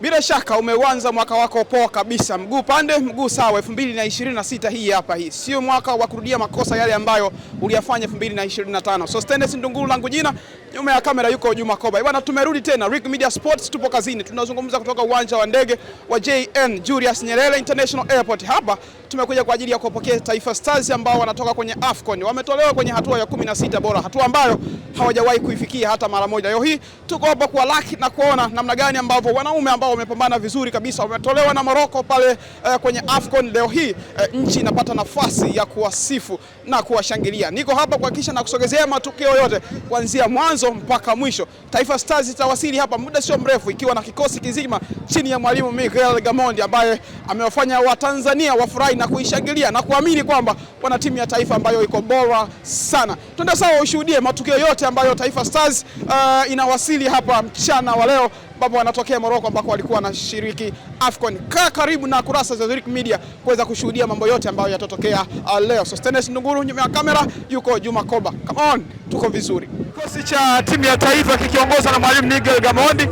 Bila shaka umeanza mwaka wako poa kabisa, mguu pande mguu sawa. 2026 hii hapa, hii sio mwaka wa kurudia makosa yale ambayo uliyafanya 2025. So Stainless Ndunguru langu jina Nyuma ya kamera yuko Juma Koba. Bwana, tumerudi tena Rick Media Sports, tupo kazini, tunazungumza kutoka uwanja wa ndege wa JN Julius Nyerere International Airport. Hapa tumekuja kwa ajili ya kupokea Taifa Stars ambao wanatoka kwenye AFCON, wametolewa kwenye hatua ya 16 bora, hatua ambayo hawajawahi kuifikia hata mara moja. Leo hii tuko hapa kwa laki na kuona namna gani ambavyo wanaume ambao wamepambana vizuri kabisa wametolewa na Morocco pale eh, kwenye AFCON. Leo hii eh, nchi inapata nafasi ya kuwasifu na kuwashangilia. Niko hapa kuhakikisha na kusogezea matukio yote kuanzia mwanzo mchezo mpaka mwisho. Taifa Stars itawasili hapa muda sio mrefu ikiwa na kikosi kizima chini ya mwalimu Miguel Gamondi ambaye amewafanya Watanzania wafurahi na kuishangilia na kuamini kwamba wana timu ya taifa ambayo iko bora sana. Twende sawa ushuhudie matukio yote ambayo Taifa Stars uh, inawasili hapa mchana wa leo ambapo wanatokea Morocco ambako walikuwa wanashiriki Afcon. Kaa karibu na kurasa za Zurich Media kuweza kushuhudia mambo yote ambayo yatatokea uh, leo. Sostenes Ndunguru, nyuma ya kamera yuko Juma Koba. Come on, tuko vizuri. Kikosi cha timu ya taifa kikiongozwa na mwalimu Nigel Gamondi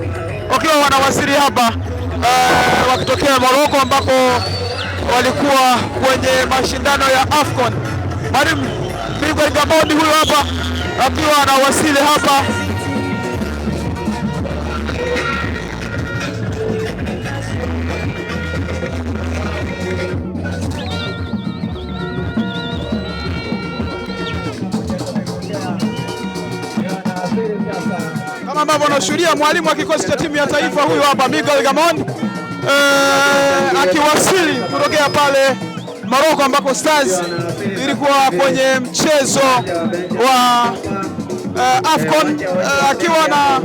wakiwa wanawasili hapa uh, wakitokea Morocco ambako walikuwa kwenye mashindano ya Afcon. Mwalimu Nigel Gamondi huyo hapa akiwa anawasili hapa kama ambavyo anashuhudia mwalimu wa kikosi cha timu ya taifa huyu hapa Miguel Gamond eh, akiwasili kutokea pale Morocco ambako Stars ilikuwa kwenye mchezo wa eh, Afcon eh, akiwa na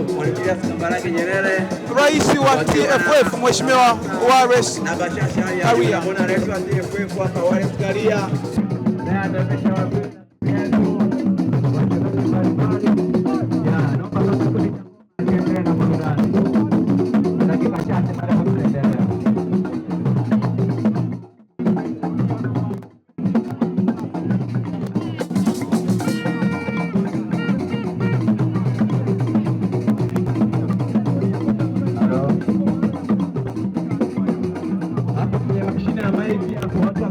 rais wa TFF Mheshimiwa Wallace Karia. shida ya maji hapo, watu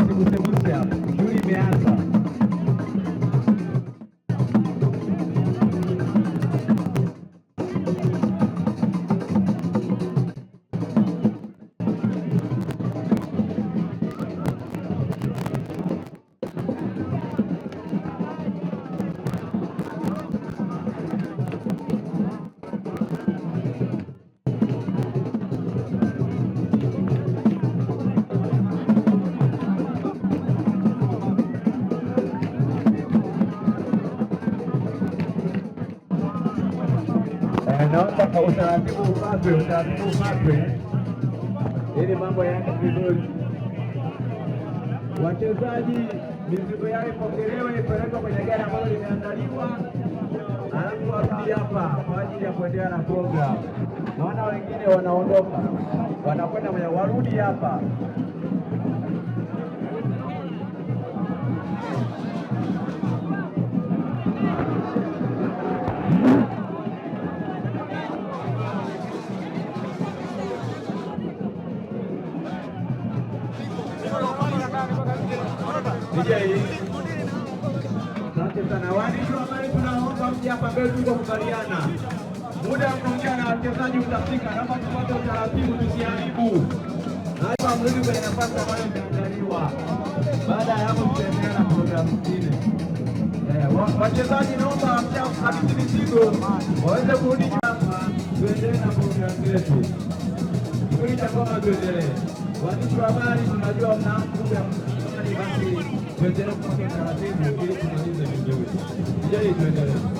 anaomba kwa utaratibu upatwe, utaratibu upatwe ili mambo yaende vizuri. Wachezaji, mizigo yao ipokelewe, ipelekwe kwenye gari ambalo limeandaliwa, alafu warudi hapa kwa ajili ya kuendelea na programu. Naona wengine wanaondoka, wanakwenda mwenye, warudi hapa. Asante sana waandishi wa habari, tunaomba mje hapa mbele, tukakubaliana muda mnaongea na wachezaji utafika, naomba tupate utaratibu, tusiharibu hapa, mrudi kwenye nafasi ambayo imeandaliwa. Baada ya hapo, tutaendelea na programu nyingine. Eh, wachezaji naomba akiti mizigo waweze kurudi hapa, tuendelee na programu zetu, kikundi cha ngoma tuendelee. Waandishi wa habari, tunajua mna muda basi veterano para a gente, porque a gente deve ter. E aí, veterano?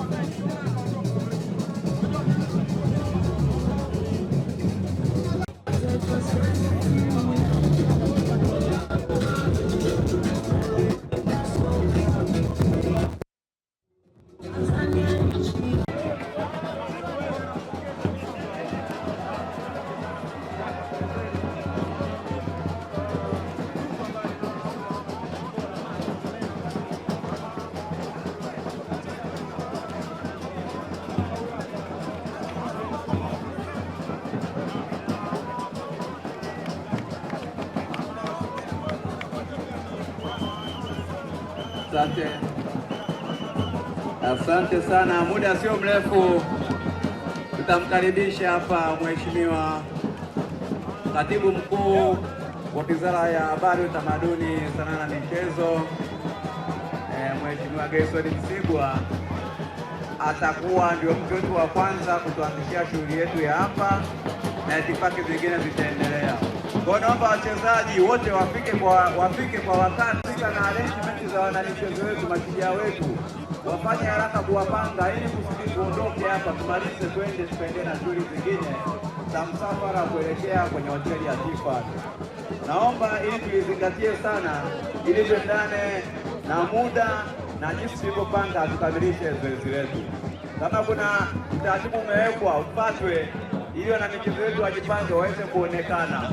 Asante, asante sana. Muda sio mrefu tutamkaribisha hapa mheshimiwa katibu mkuu wa Wizara ya Habari, Utamaduni, Sanaa na Michezo e, mheshimiwa Gerson Msigwa atakuwa ndio mtu wetu wa kwanza kutuanzishia shughuli yetu ya hapa, na itifaki zingine zitaendelea. Kwa wachezaji wote wafike kwa wafike kwa wakati na arrangement za wanamichezo wetu, mashujaa wetu wafanye haraka kuwapanga ili kusiki kuondoke hapa, tumalize twende tukaendee na shughuli zingine za msafara kuelekea kwenye hoteli ya tifa Naomba ili tulizingatie sana ili tuendane na muda na jinsi tulivyopanga tukamilishe zoezi letu. Kama kuna utaratibu umewekwa ufatwe, hiyo na michezo wetu wajipange waweze kuonekana.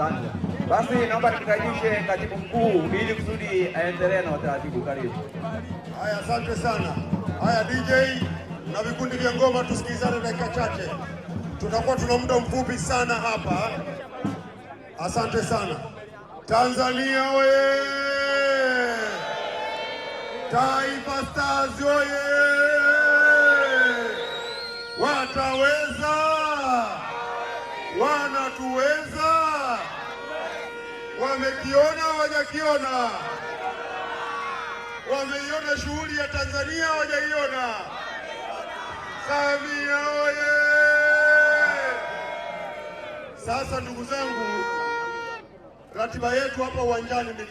Asante. Basi naomba nimkaribishe katibu mkuu ili kusudi aendelee na utaratibu. Karibu. Haya, asante sana. Haya DJ na vikundi vya ngoma, tusikilizane dakika chache, tutakuwa tuna muda mfupi sana hapa. Asante sana. Tanzania oye! Taifa Stars oye! wataweza wamekiona wajakiona, wameiona shughuli ya Tanzania wajaiona. Samia oye! Sasa ndugu zangu, ratiba yetu hapa uwanjani ni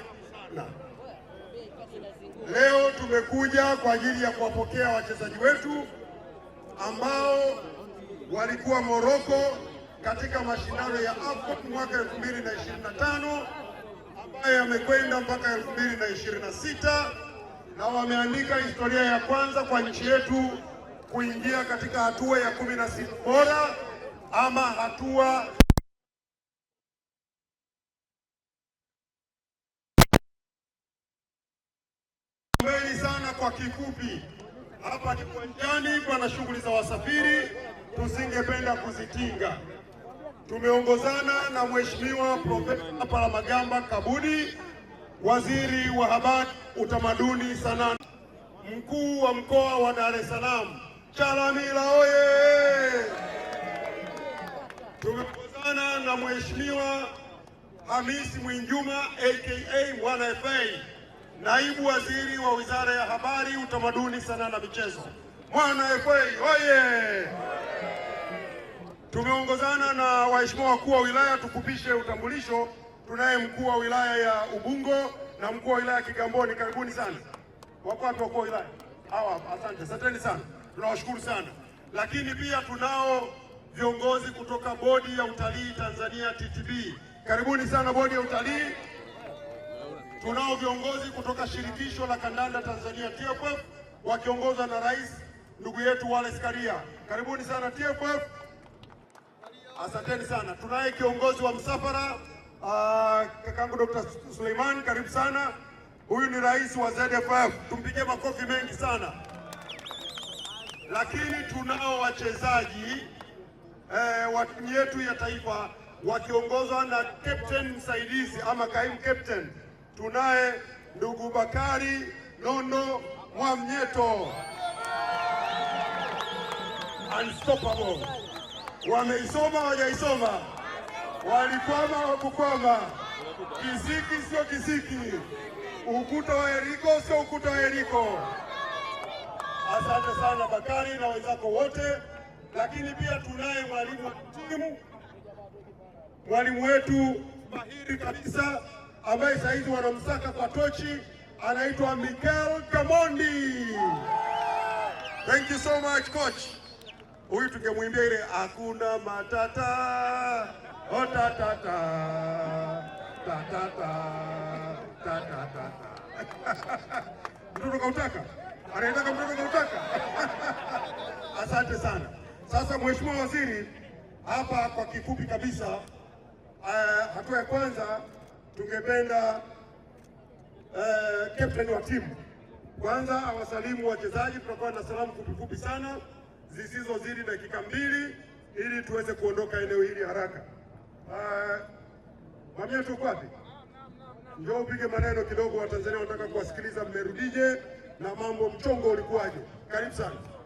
leo tumekuja kwa ajili ya kuwapokea wachezaji wetu ambao walikuwa Moroko katika mashindano ya AFCON mwaka 2025 ambaye yamekwenda mpaka elfu mbili na ishirini na sita na wameandika historia ya kwanza kwa nchi yetu kuingia katika hatua ya kumi na sita bora ama hatua mbeli sana. Kwa kifupi, hapa ni uwanjani, pana shughuli za wasafiri tusingependa kuzitinga tumeongozana na Mheshimiwa Profesa Palamagamba Kabudi, waziri wa habari, utamaduni, sanaa, mkuu wa mkoa wa Dar es Salaam Chalamila oye! Tumeongozana na Mheshimiwa Hamisi Mwinjuma aka Wana FA, naibu waziri wa wizara ya habari, utamaduni, sanaa na michezo. Mwana FA oye! tumeongozana na waheshimiwa wakuu wa wilaya tukupishe utambulisho. Tunaye mkuu wa wilaya ya Ubungo na mkuu wa wilaya ya Kigamboni, karibuni sana. Wako wapi wakuu wa wilaya hawa hapa? Asante, asanteni sana, tunawashukuru sana. Lakini pia tunao viongozi kutoka bodi ya utalii Tanzania TTB, karibuni sana bodi ya utalii. Tunao viongozi kutoka shirikisho la kandanda Tanzania TFF wakiongozwa na rais ndugu yetu Wallace Karia, karibuni sana TFF Asanteni sana. Tunaye kiongozi wa msafara uh, kakangu Dr. Suleiman, karibu sana. Huyu ni rais wa ZFF, tumpigie makofi mengi sana. Lakini tunao wachezaji eh, wa timu yetu ya taifa wakiongozwa na captain msaidizi ama kaimu captain, tunaye ndugu Bakari Nondo Mwamnyeto, unstoppable wameisoma hawajaisoma, walikwama wakukwama kisiki sio kisiki, ukuta wa Yeriko sio ukuta wa Yeriko. Asante sana Bakari na wenzako wote, lakini pia tunaye mwalimu wa timu, mwalimu wetu mahiri kabisa ambaye saa hizi wanamsaka kwa tochi, anaitwa Mikel Kamondi. Thank you so much coach. Huyu tungemwimbia ile hakuna matata oh, tatata tatata tatata mtoto kautaka anaitaka mtoto kautaka. Asante sana. Sasa Mheshimiwa Waziri, hapa kwa kifupi kabisa, uh, hatua ya kwanza tungependa uh, captain wa timu kwanza awasalimu wachezaji, tutakuwa na salamu fupifupi sana zisizozidi dakika mbili ili tuweze kuondoka eneo hili haraka. Uh, mamia tuko Njoo upige maneno kidogo, Watanzania wanataka kuwasikiliza mmerudije na mambo mchongo ulikuwaje? Karibu sana.